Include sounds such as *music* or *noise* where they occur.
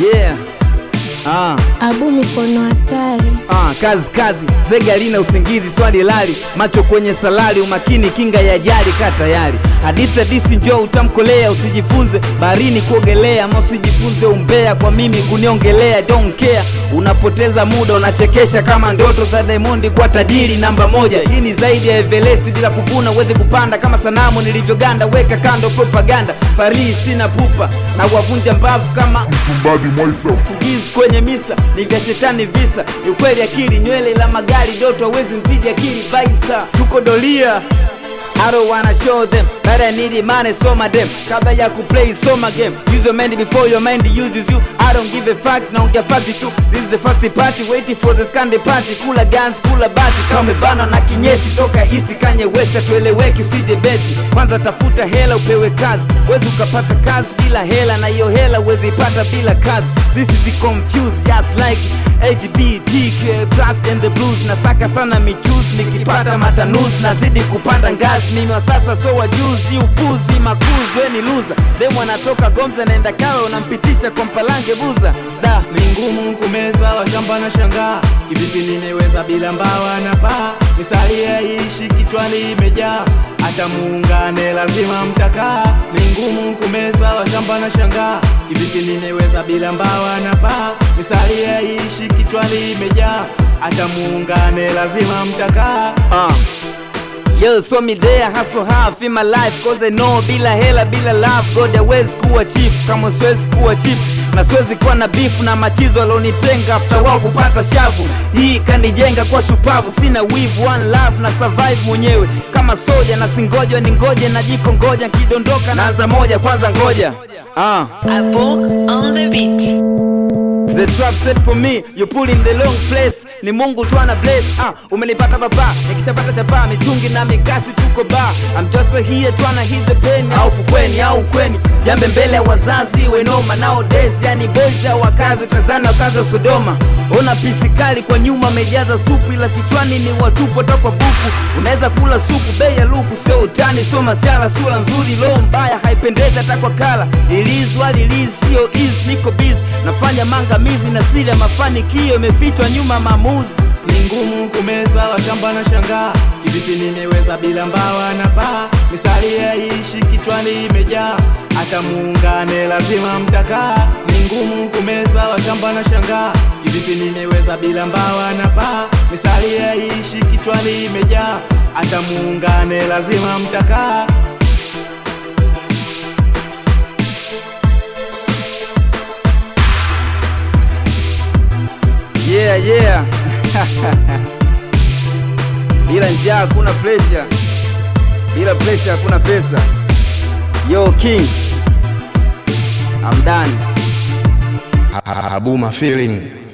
Yeah. Ah. Abu mikono hatari. Ah, kazi kazi, zega lina usingizi, swali lali, macho kwenye salari, umakini kinga ya jari, ka tayari hadithi hadithi, njoo utamkolea, usijifunze barini kuogelea, ama usijifunze umbea, kwa mimi kuniongelea, don't care Unapoteza muda, unachekesha kama ndoto za Diamond kwa tajiri namba moja. Hii ni zaidi ya Everest, bila kuvuna uweze kupanda. Kama sanamu nilivyoganda, weka kando propaganda. Farii sina pupa na wavunja mbavu kama msugizi kwenye misa, ni vya shetani visa. Ni ukweli, akili nywele la magari, ndoto hawezi mzidi akili. Baisa tuko dolia I don't wanna show them but I need it, money so my dem kabla ya play so my game use your mind before your mind uses you I don't give a fuck no naongea fakti too this is the first party waiting for the scandal party Cooler guns cooler kula basi kamebana na kinyesi toka east kanye west atueleweki usije beti kwanza tafuta hela upewe kazi wezi ukapata kazi bila hela na hiyo hela wezi ipata bila kazi this is the confused just like HBTQ plus and the blues nasaka sana michuzi nikipata matanuzi nazidi kupanda ngazi ni sasa so wajuzi upuzi makuzi, we ni luza demu anatoka Gomza naenda Kawe, unampitisha kwa mpalange buza. Da ni ngumu kumeza washamba na shangaa, kivipi nimeweza bila mbawa na paa? Misali ya ishi kichwani imejaa, hata muungane lazima mtakaa. Ni ngumu kumeza washamba na shangaa, kivipi nimeweza bila mbawa na paa? Misali ya ishi kichwani imejaa, hata muungane lazima mtakaa. uh. Yo, so me there, hustle half in my life cause I know bila hela bila love God wezi kuwa chief, kama siwezi kuwa chief na siwezi kuwa na beef na machizo alonitenga after wao kupata shavu, hii kanijenga kwa shupavu, sina weave, one love na survive mwenyewe kama soja na singoja ni ngoja na jiko ngoja, nkidondoka za moja kwanza ngoja ah. The trap set for me, you pull in the long place. Ni Mungu tu ana bless. Ah, umenipata baba, nikishapata chapa mitungi na mikasi tuko ba. I'm just for here tu ana hit the pain. Au fukweni au kweni. Jambe mbele ya wazazi wenoma nowadays, yani boys ya wakazi tazana kaza Sodoma. Ona pisikali kwa nyuma mejaza supu ila kichwani ni watupo toka buku. Unaweza kula supu bei ya luku sio utani sio masala sura nzuri lo mbaya haipendeza takwa kala. Ilizwa lilizi sio easy niko busy nafanya manga matumizi na siri ya mafanikio imefichwa nyuma maamuzi. Ni ngumu kumeza washamba na shangaa, kivipi nimeweza bila mbawa na paa? Misali ya ishi kichwani imejaa, hata muungane lazima mtakaa. Ni ngumu kumeza washamba na shangaa, kivipi nimeweza bila mbawa na paa? Misali ya ishi kichwani imejaa, hata muungane lazima mtakaa. *laughs* bila njaa hakuna pressure, bila pressure hakuna pesa. Yo King amdani Abuma feeling